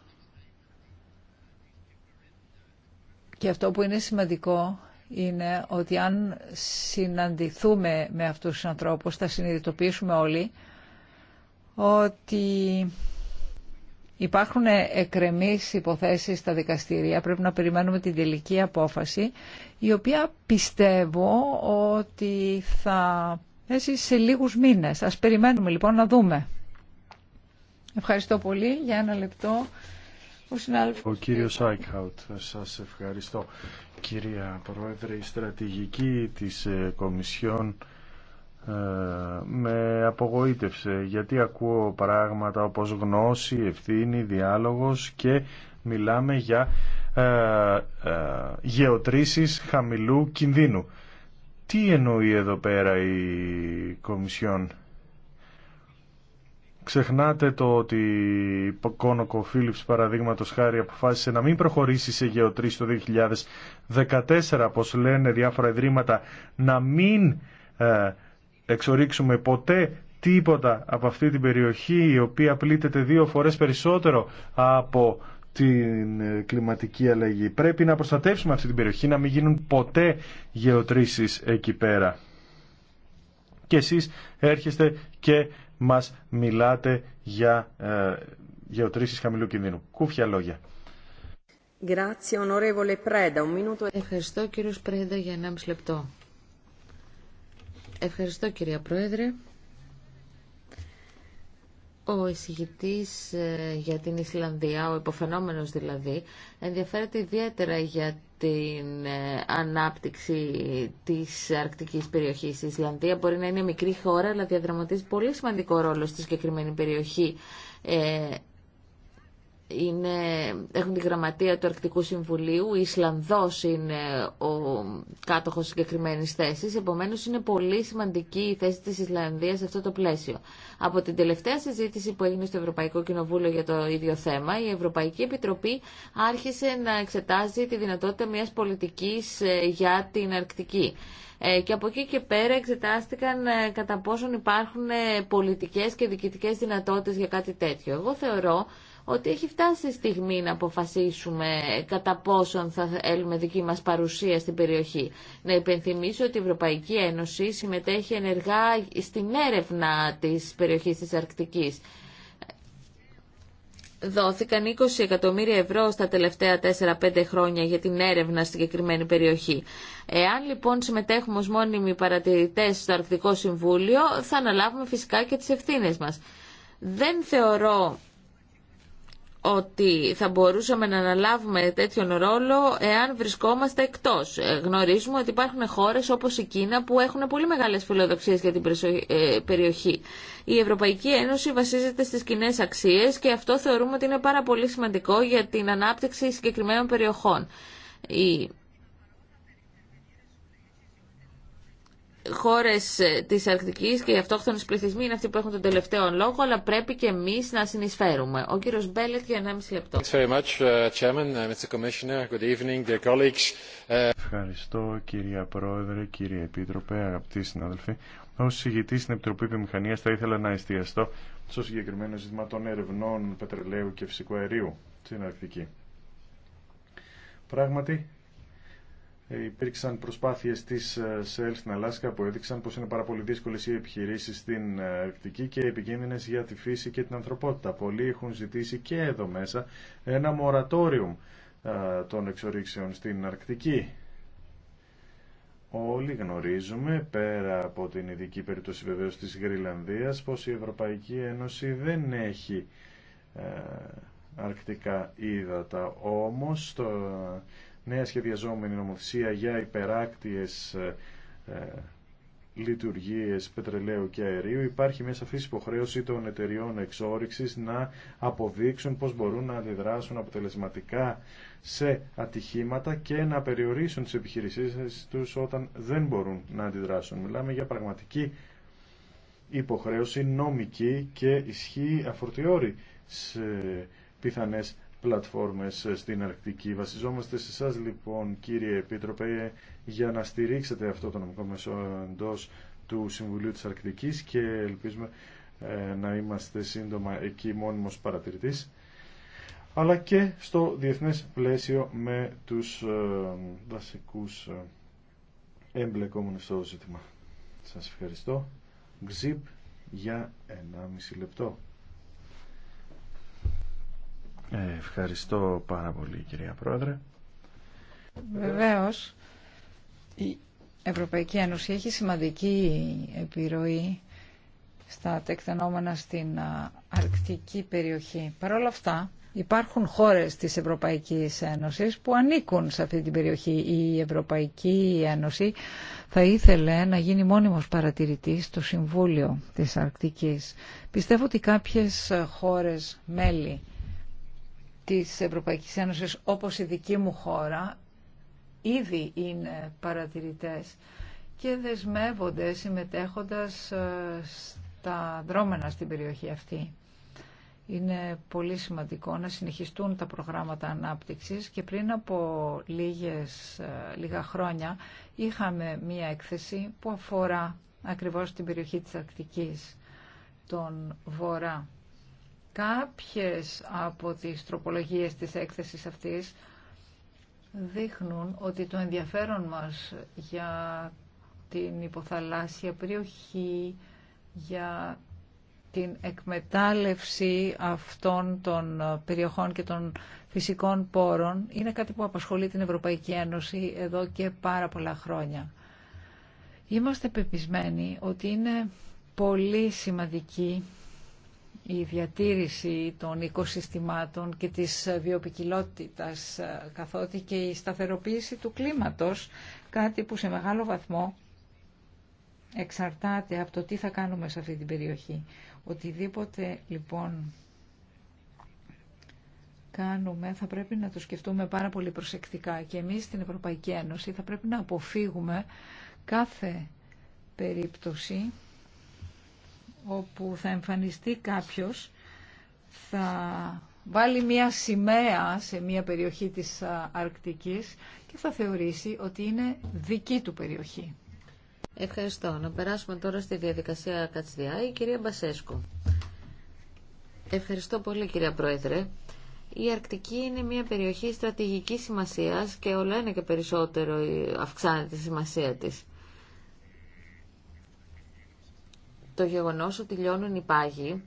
Και αυτό που είναι σημαντικό είναι ότι αν συναντηθούμε με αυτούς τους ανθρώπους θα συνειδητοποιήσουμε όλοι ότι υπάρχουν εκρεμείς υποθέσεις στα δικαστήρια, πρέπει να περιμένουμε την τελική απόφαση, η οποία πιστεύω ότι θα έρθει σε λίγους μήνες. Ας περιμένουμε λοιπόν να δούμε. Ευχαριστώ πολύ. Για ένα λεπτό. Ο, συνάδελφος... Ο κύριος Άικχαουτ, σας ευχαριστώ. Κυρία Πρόεδρε, η στρατηγική της ε, Κομισιόν ε, με απογοήτευσε γιατί ακούω πράγματα όπως γνώση, ευθύνη, διάλογος και μιλάμε για ε, ε γεωτρήσεις χαμηλού κινδύνου. Τι εννοεί εδώ πέρα η Κομισιόν Ξεχνάτε το ότι η Κόνοκο Φίλιπς παραδείγματος χάρη αποφάσισε να μην προχωρήσει σε γεωτρήσεις το 2014 όπως λένε διάφορα ιδρύματα να μην ε, εξορίξουμε ποτέ τίποτα από αυτή την περιοχή η οποία πλήττεται δύο φορές περισσότερο από την ε, κλιματική αλλαγή. Πρέπει να προστατεύσουμε αυτή την περιοχή, να μην γίνουν ποτέ γεωτρήσεις εκεί πέρα. Και εσείς έρχεστε και μας μιλάτε για ε, γεωτρήσεις χαμηλού κινδύνου. Κούφια λόγια. Ευχαριστώ κύριο Πρέντα για 1,5 λεπτό. Ευχαριστώ κυρία Πρόεδρε. Ο εισηγητής ε, για την Ισλανδία, ο υποφαινόμενος δηλαδή, ενδιαφέρεται ιδιαίτερα για την ε, ανάπτυξη της αρκτικής περιοχής. της Ισλανδία μπορεί να είναι μικρή χώρα, αλλά διαδραματίζει πολύ σημαντικό ρόλο στη συγκεκριμένη περιοχή ε, είναι, έχουν τη γραμματεία του Αρκτικού Συμβουλίου, ο Ισλανδό είναι ο κάτοχο συγκεκριμένη θέση, Επομένω, είναι πολύ σημαντική η θέση τη Ισλανδία σε αυτό το πλαίσιο. Από την τελευταία συζήτηση που έγινε στο Ευρωπαϊκό Κοινοβούλιο για το ίδιο θέμα, η Ευρωπαϊκή Επιτροπή άρχισε να εξετάζει τη δυνατότητα μια πολιτική ε, για την Αρκτική. Ε, και από εκεί και πέρα εξετάστηκαν ε, κατά πόσον υπάρχουν πολιτικές και διοικητικές δυνατότητες για κάτι τέτοιο. Εγώ θεωρώ ότι έχει φτάσει η στιγμή να αποφασίσουμε κατά πόσον θα έλουμε δική μας παρουσία στην περιοχή. Να υπενθυμίσω ότι η Ευρωπαϊκή Ένωση συμμετέχει ενεργά στην έρευνα της περιοχής της Αρκτικής. Δόθηκαν 20 εκατομμύρια ευρώ στα τελευταία 4-5 χρόνια για την έρευνα στην συγκεκριμένη περιοχή. Εάν λοιπόν συμμετέχουμε ως μόνιμοι παρατηρητές στο Αρκτικό Συμβούλιο, θα αναλάβουμε φυσικά και τις ευθύνες μας. Δεν θεωρώ ότι θα μπορούσαμε να αναλάβουμε τέτοιον ρόλο εάν βρισκόμαστε εκτός. Ε, γνωρίζουμε ότι υπάρχουν χώρες όπως η Κίνα που έχουν πολύ μεγάλες φιλοδοξίες για την ε, περιοχή. Η Ευρωπαϊκή Ένωση βασίζεται στις κοινέ αξίες και αυτό θεωρούμε ότι είναι πάρα πολύ σημαντικό για την ανάπτυξη συγκεκριμένων περιοχών. Η Χώρε ε, τη Αρκτική και οι αυτόχθονε πληθυσμοί είναι αυτοί που έχουν τον τελευταίο λόγο, αλλά πρέπει και εμεί να συνεισφέρουμε. Ο κύριο Μπέλετ για 1,5 λεπτό. Uh, uh, uh, Ευχαριστώ κυρία Πρόεδρε, κύριε Επίτροπε, αγαπητοί συνάδελφοι. Ω ηγητή στην Επιτροπή Επιμηχανία, θα ήθελα να εστιαστώ στο συγκεκριμένο ζήτημα των ερευνών πετρελαίου και φυσικού αερίου στην Αρκτική. Πράγματι, Υπήρξαν προσπάθειες της ΣΕΛ στην Αλάσκα που έδειξαν πως είναι πάρα πολύ δύσκολες οι επιχειρήσεις στην ε, Αρκτική και επικίνδυνες για τη φύση και την ανθρωπότητα. Πολλοί έχουν ζητήσει και εδώ μέσα ένα μορατόριο ε, των εξορίξεων στην Αρκτική. Όλοι γνωρίζουμε, πέρα από την ειδική περίπτωση βεβαίως της Γρυλανδίας, πως η Ευρωπαϊκή Ένωση δεν έχει ε, αρκτικά ύδατα. Όμως, το νέα σχεδιαζόμενη νομοθεσία για υπεράκτιες ε, ε, λειτουργίες πετρελαίου και αερίου υπάρχει μια σαφής υποχρέωση των εταιριών εξόριξης να αποδείξουν πώς μπορούν να αντιδράσουν αποτελεσματικά σε ατυχήματα και να περιορίσουν τις επιχειρήσεις τους όταν δεν μπορούν να αντιδράσουν. Μιλάμε για πραγματική υποχρέωση νομική και ισχύει αφορτιόρη σε πιθανές πλατφόρμες ε, στην Αρκτική. Βασιζόμαστε σε εσά λοιπόν κύριε Επίτροπε για να στηρίξετε αυτό το νομικό μέσο εντό του Συμβουλίου της Αρκτικής και ελπίζουμε ε, να είμαστε σύντομα εκεί μόνιμος παρατηρητής αλλά και στο διεθνές πλαίσιο με τους ε, βασικούς εμπλεκόμενους στο ζήτημα. Σας ευχαριστώ. Ξυπ για 1,5 λεπτό. Ε, ευχαριστώ πάρα πολύ κυρία Πρόεδρε. Βεβαίως, η Ευρωπαϊκή Ένωση έχει σημαντική επιρροή στα τεκτενόμενα στην αρκτική περιοχή. Παρ' όλα αυτά, υπάρχουν χώρες της Ευρωπαϊκής Ένωσης που ανήκουν σε αυτή την περιοχή. Η Ευρωπαϊκή Ένωση θα ήθελε να γίνει μόνιμος παρατηρητής στο Συμβούλιο της Αρκτικής. Πιστεύω ότι κάποιες χώρες μέλη της Ευρωπαϊκής Ένωσης όπως η δική μου χώρα ήδη είναι παρατηρητές και δεσμεύονται συμμετέχοντας ε, στα δρόμενα στην περιοχή αυτή. Είναι πολύ σημαντικό να συνεχιστούν τα προγράμματα ανάπτυξης και πριν από λίγες, ε, λίγα χρόνια είχαμε μία έκθεση που αφορά ακριβώς την περιοχή της Αρκτικής, τον Βορρά. Κάποιες από τις τροπολογίες της έκθεσης αυτής δείχνουν ότι το ενδιαφέρον μας για την υποθαλάσσια περιοχή, για την εκμετάλλευση αυτών των περιοχών και των φυσικών πόρων είναι κάτι που απασχολεί την Ευρωπαϊκή Ένωση εδώ και πάρα πολλά χρόνια. Είμαστε πεπισμένοι ότι είναι πολύ σημαντική η διατήρηση των οικοσυστημάτων και της βιοπικιλότητας ε, καθότι και η σταθεροποίηση του κλίματος, κάτι που σε μεγάλο βαθμό εξαρτάται από το τι θα κάνουμε σε αυτή την περιοχή. Οτιδήποτε λοιπόν κάνουμε θα πρέπει να το σκεφτούμε πάρα πολύ προσεκτικά και εμείς στην Ευρωπαϊκή Ένωση θα πρέπει να αποφύγουμε κάθε περίπτωση όπου θα εμφανιστεί κάποιος, θα βάλει μία σημαία σε μία περιοχή της Αρκτικής και θα θεωρήσει ότι είναι δική του περιοχή. Ευχαριστώ. Να περάσουμε τώρα στη διαδικασία Κατσδιά. Η κυρία Μπασέσκου. Ευχαριστώ πολύ κυρία Πρόεδρε. Η Αρκτική είναι μια περιοχή στρατηγικής σημασίας και όλα είναι και περισσότερο αυξάνεται η σημασία της. το γεγονός ότι λιώνουν οι πάγοι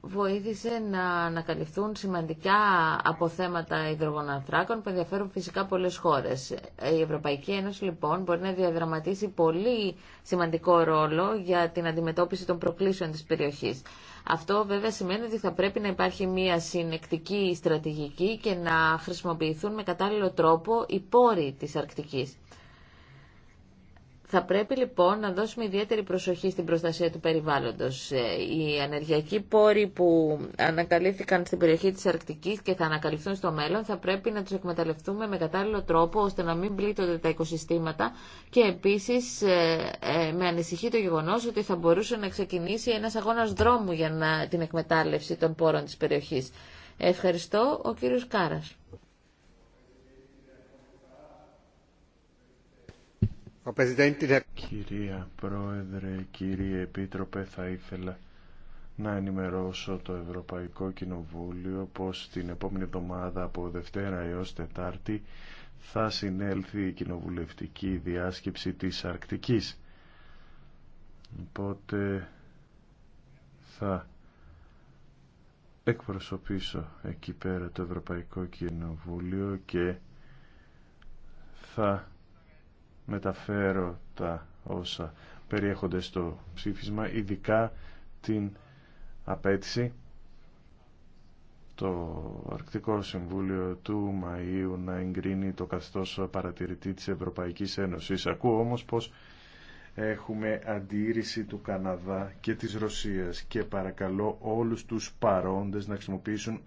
βοήθησε να ανακαλυφθούν σημαντικά αποθέματα υδρογονανθράκων που ενδιαφέρουν φυσικά πολλές χώρες. Η Ευρωπαϊκή Ένωση λοιπόν μπορεί να διαδραματίσει πολύ σημαντικό ρόλο για την αντιμετώπιση των προκλήσεων της περιοχής. Αυτό βέβαια σημαίνει ότι θα πρέπει να υπάρχει μια συνεκτική στρατηγική και να χρησιμοποιηθούν με κατάλληλο τρόπο οι πόροι της Αρκτικής. Θα πρέπει λοιπόν να δώσουμε ιδιαίτερη προσοχή στην προστασία του περιβάλλοντος. Ε, οι ανεργειακοί πόροι που ανακαλύφθηκαν στην περιοχή της Αρκτικής και θα ανακαλυφθούν στο μέλλον θα πρέπει να τους εκμεταλλευτούμε με κατάλληλο τρόπο ώστε να μην πλήττονται τα οικοσυστήματα και επίσης ε, ε, με ανησυχεί το γεγονός ότι θα μπορούσε να ξεκινήσει ένας αγώνας δρόμου για την εκμετάλλευση των πόρων της περιοχής. Ευχαριστώ ο κύριος Κάρας. Κυρία Πρόεδρε, κύριε Επίτροπε, θα ήθελα να ενημερώσω το Ευρωπαϊκό Κοινοβούλιο πως την επόμενη εβδομάδα από Δευτέρα έως Τετάρτη θα συνέλθει η κοινοβουλευτική διάσκεψη της Αρκτικής. Οπότε θα εκπροσωπήσω εκεί πέρα το Ευρωπαϊκό Κοινοβούλιο και θα μεταφέρω τα όσα περιέχονται στο ψήφισμα, ειδικά την απέτηση το Αρκτικό Συμβούλιο του Μαΐου να εγκρίνει το καθεστώς παρατηρητή της Ευρωπαϊκής Ένωσης. Ακούω όμως πως έχουμε αντίρρηση του Καναδά και της Ρωσίας και παρακαλώ όλους τους παρόντες να χρησιμοποιήσουν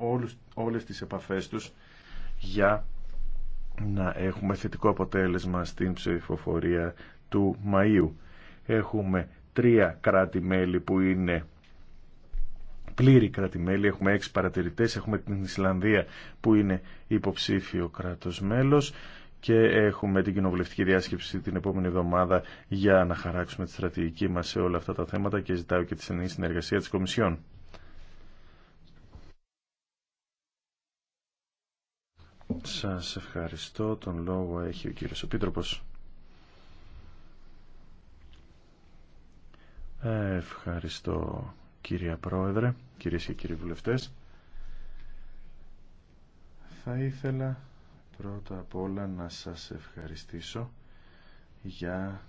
όλες τις επαφές τους για να έχουμε θετικό αποτέλεσμα στην ψηφοφορία του Μαΐου. Έχουμε τρία κράτη-μέλη που είναι πλήρη κράτη-μέλη, έχουμε έξι παρατηρητές, έχουμε την Ισλανδία που είναι υποψήφιο κράτος μέλος και έχουμε την κοινοβουλευτική διάσκεψη την επόμενη εβδομάδα για να χαράξουμε τη στρατηγική μας σε όλα αυτά τα θέματα και ζητάω και τη συνεργασία της Κομισιόν. Σας ευχαριστώ. Τον λόγο έχει ο κύριος Επίτροπος. Ευχαριστώ κύρια Πρόεδρε, Κύριε και κύριοι βουλευτές. Θα ήθελα πρώτα απ' όλα να σας ευχαριστήσω για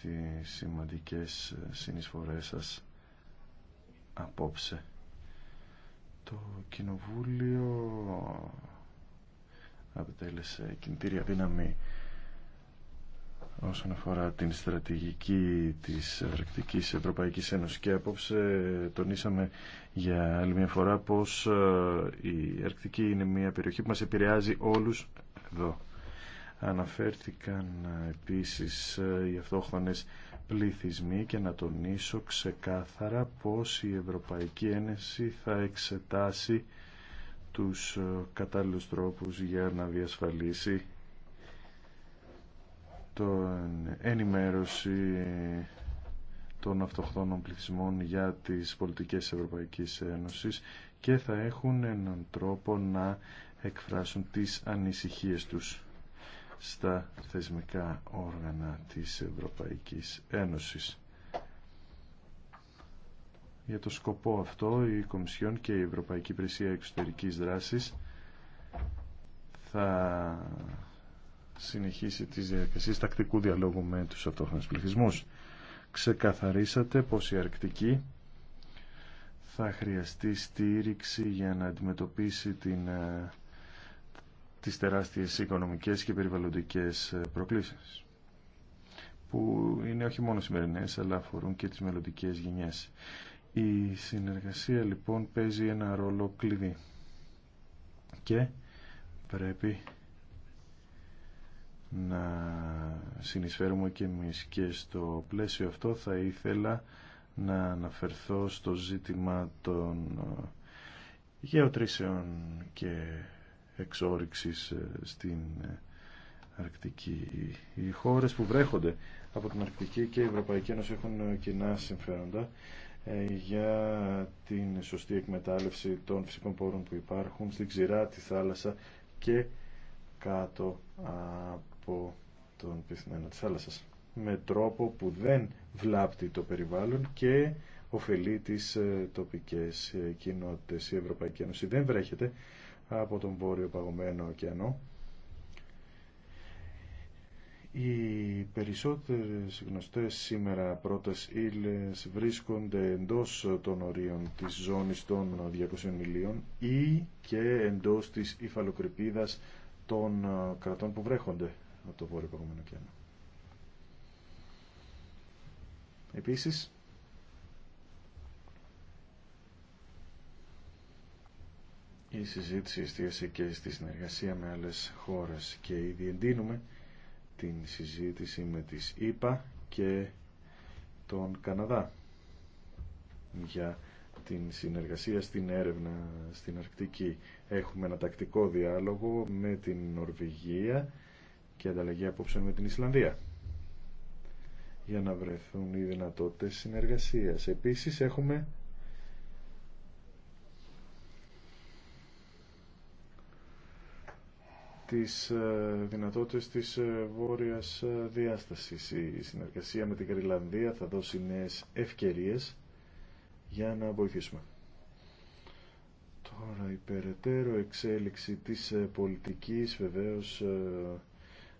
τις σημαντικές συνεισφορές σας απόψε. Το Κοινοβούλιο αποτέλεσε κινητήρια δύναμη όσον αφορά την στρατηγική της Αρκτικής Ευρωπαϊκής Ένωσης και απόψε τονίσαμε για άλλη μια φορά πως ε, η Αρκτική είναι μια περιοχή που μας επηρεάζει όλους εδώ. Αναφέρθηκαν ε, επίσης ε, οι αυτόχθονες πληθυσμοί και να τονίσω ξεκάθαρα πως η Ευρωπαϊκή Ένωση θα εξετάσει τους ε, κατάλληλους τρόπους για να διασφαλίσει τον ενημέρωση των αυτοχθόνων πληθυσμών για τις πολιτικές Ευρωπαϊκής Ένωσης και θα έχουν έναν τρόπο να εκφράσουν τις ανησυχίες τους στα θεσμικά όργανα της Ευρωπαϊκής Ένωσης. Για το σκοπό αυτό η Κομισιόν και η Ευρωπαϊκή Υπηρεσία Εξωτερικής Δράσης θα συνεχίσει τις διαδικασίες τακτικού διαλόγου με τους αυτόχρονους πληθυσμού. Ξεκαθαρίσατε πως η Αρκτική θα χρειαστεί στήριξη για να αντιμετωπίσει την, ε, τις τεράστιες οικονομικές και περιβαλλοντικές ε, προκλήσεις που είναι όχι μόνο σημερινές αλλά αφορούν και τις μελλοντικές γενιές. Η συνεργασία λοιπόν παίζει ένα ρόλο κλειδί και πρέπει να συνεισφέρουμε και εμείς και στο πλαίσιο αυτό θα ήθελα να αναφερθώ στο ζήτημα των γεωτρήσεων και εξόριξης ε, στην Αρκτική. Οι χώρες που βρέχονται από την Αρκτική και η Ευρωπαϊκή Ένωση έχουν κοινά συμφέροντα ε, για την σωστή εκμετάλλευση των φυσικών πόρων που υπάρχουν στην ξηρά, τη θάλασσα και κάτω από τον πυθμένο της θάλασσας με τρόπο που δεν βλάπτει το περιβάλλον και ωφελεί τις ε, τοπικές ε, κοινότητες. Η Ευρωπαϊκή Ένωση δεν βρέχεται από τον Βόρειο Παγωμένο Ωκεανό οι περισσότερες γνωστές σήμερα πρώτες ύλες βρίσκονται εντός των ορίων της ζώνης των 200 μιλίων ή και εντός της υφαλοκρηπίδας των ε, κρατών που βρέχονται από το Βόρειο Παγωμένο Κένο. Επίσης, η συζήτηση εστίασε και στη συνεργασία με άλλες χώρες και ήδη εντείνουμε την συζήτηση με τις ΗΠΑ και τον Καναδά για την συνεργασία στην έρευνα στην Αρκτική. Έχουμε ένα τακτικό διάλογο με την Νορβηγία και ανταλλαγή απόψεων με την Ισλανδία για να βρεθούν οι δυνατότητες συνεργασίας. Επίσης έχουμε τις ε, δυνατότητες της ε, βόρειας ε, διάστασης. Η συνεργασία με την Καριλανδία θα δώσει νέες ευκαιρίες για να βοηθήσουμε. Τώρα η περαιτέρω εξέλιξη της πολιτικής βεβαίως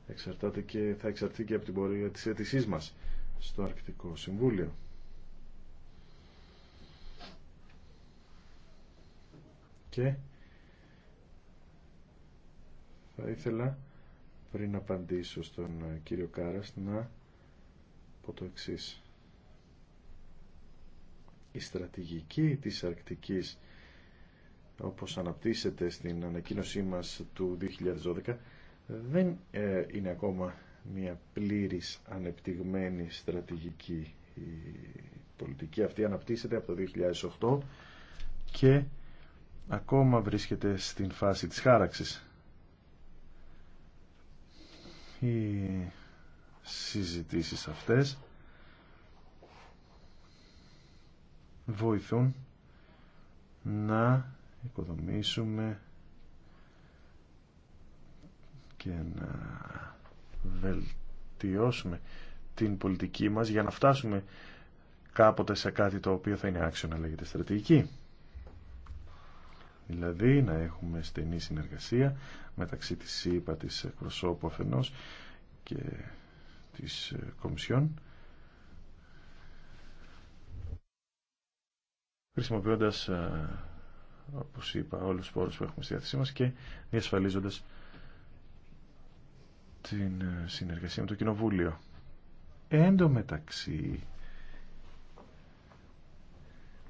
εξαρτάται και θα εξαρτηθεί και από την πορεία της αίτησής μας στο Αρκτικό Συμβούλιο. Και θα ήθελα πριν απαντήσω στον ε, κύριο Κάρας να πω το εξή. Η στρατηγική της Αρκτικής όπως αναπτύσσεται στην ανακοίνωσή μας του 2012 δεν ε, είναι ακόμα μια πλήρης ανεπτυγμένη στρατηγική η πολιτική αυτή αναπτύσσεται από το 2008 και ακόμα βρίσκεται στην φάση της χάραξης οι συζητήσεις αυτές βοηθούν να οικοδομήσουμε και να βελτιώσουμε την πολιτική μας για να φτάσουμε κάποτε σε κάτι το οποίο θα είναι άξιο να λέγεται στρατηγική. Δηλαδή να έχουμε στενή συνεργασία μεταξύ της ΣΥΠΑ, της προσώπου αφενός και της ε, Κομισιόν χρησιμοποιώντας ε, όπως είπα όλους τους πόρους που έχουμε στη διάθεσή μας και διασφαλίζοντας την ε, συνεργασία με το Κοινοβούλιο. Εν μεταξύ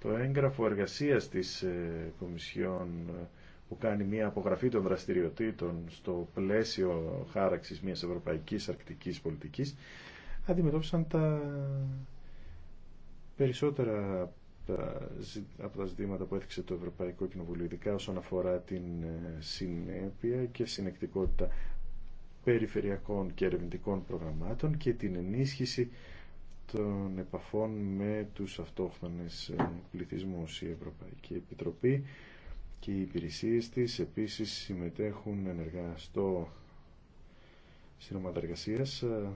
το έγγραφο εργασίας της ε, Κομισιόν ε, που κάνει μια απογραφή των δραστηριοτήτων στο πλαίσιο χάραξης μιας ευρωπαϊκής αρκτικής πολιτικής αντιμετώπισαν τα περισσότερα από τα ζητήματα που έθιξε το Ευρωπαϊκό Κοινοβούλιο, ειδικά όσον αφορά την ε, συνέπεια και συνεκτικότητα περιφερειακών και ερευνητικών προγραμμάτων και την ενίσχυση των επαφών με τους αυτόχθονες ε, πληθυσμούς. Η Ευρωπαϊκή Επιτροπή και οι υπηρεσίες της επίσης συμμετέχουν ενεργά στο σύνομα εργασία ε,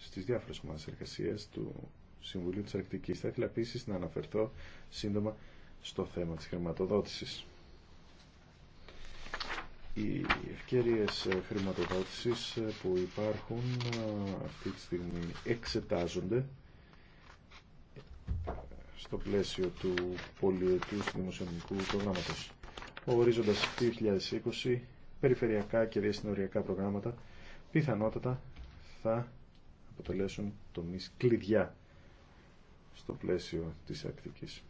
στις διάφορες ομάδες εργασίας του Συμβουλίου της Αρκτικής. Θα ήθελα επίση να αναφερθώ σύντομα στο θέμα της χρηματοδότησης ευκαιρίες ε, χρηματοδότησης ε, που υπάρχουν ε, αυτή τη στιγμή εξετάζονται στο πλαίσιο του πολιετούς δημοσιονομικού προγράμματος. Ο ορίζοντας 2020, περιφερειακά και διασυνοριακά προγράμματα πιθανότατα θα αποτελέσουν τομείς κλειδιά στο πλαίσιο της Ακτικής.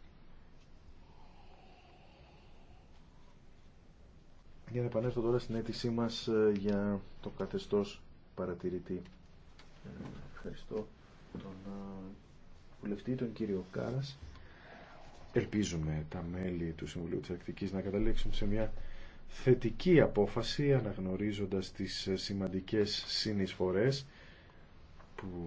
Για να επανέλθω τώρα στην αίτησή μας ε, για το καθεστώς παρατηρητή. Ε, ευχαριστώ τον ε, βουλευτή, τον κύριο Κάρας. Ελπίζουμε τα μέλη του Συμβουλίου της Αρκτικής να καταλήξουν σε μια θετική απόφαση αναγνωρίζοντας τις σημαντικές συνεισφορές που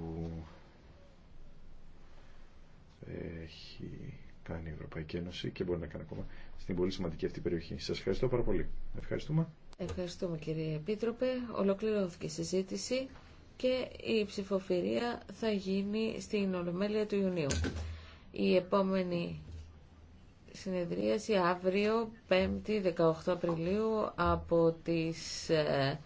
έχει κάνει η Ευρωπαϊκή Ένωση και μπορεί να κάνει ακόμα στην πολύ σημαντική αυτή περιοχή. Σας ευχαριστώ πάρα πολύ. Ευχαριστούμε. Ευχαριστούμε κύριε Επίτροπε. Ολοκληρώθηκε η συζήτηση και η ψηφοφορία θα γίνει στην Ολομέλεια του Ιουνίου. Η επόμενη συνεδρίαση αύριο, 5η 18 Απριλίου, από τις ε,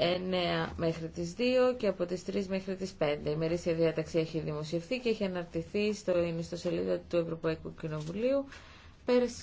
9 μέχρι τις 2 και από τις 3 μέχρι τις 5. Η μερίσια διάταξη έχει δημοσιευθεί και έχει αναρτηθεί στο ιστοσελίδα του Ευρωπαϊκού Κοινοβουλίου.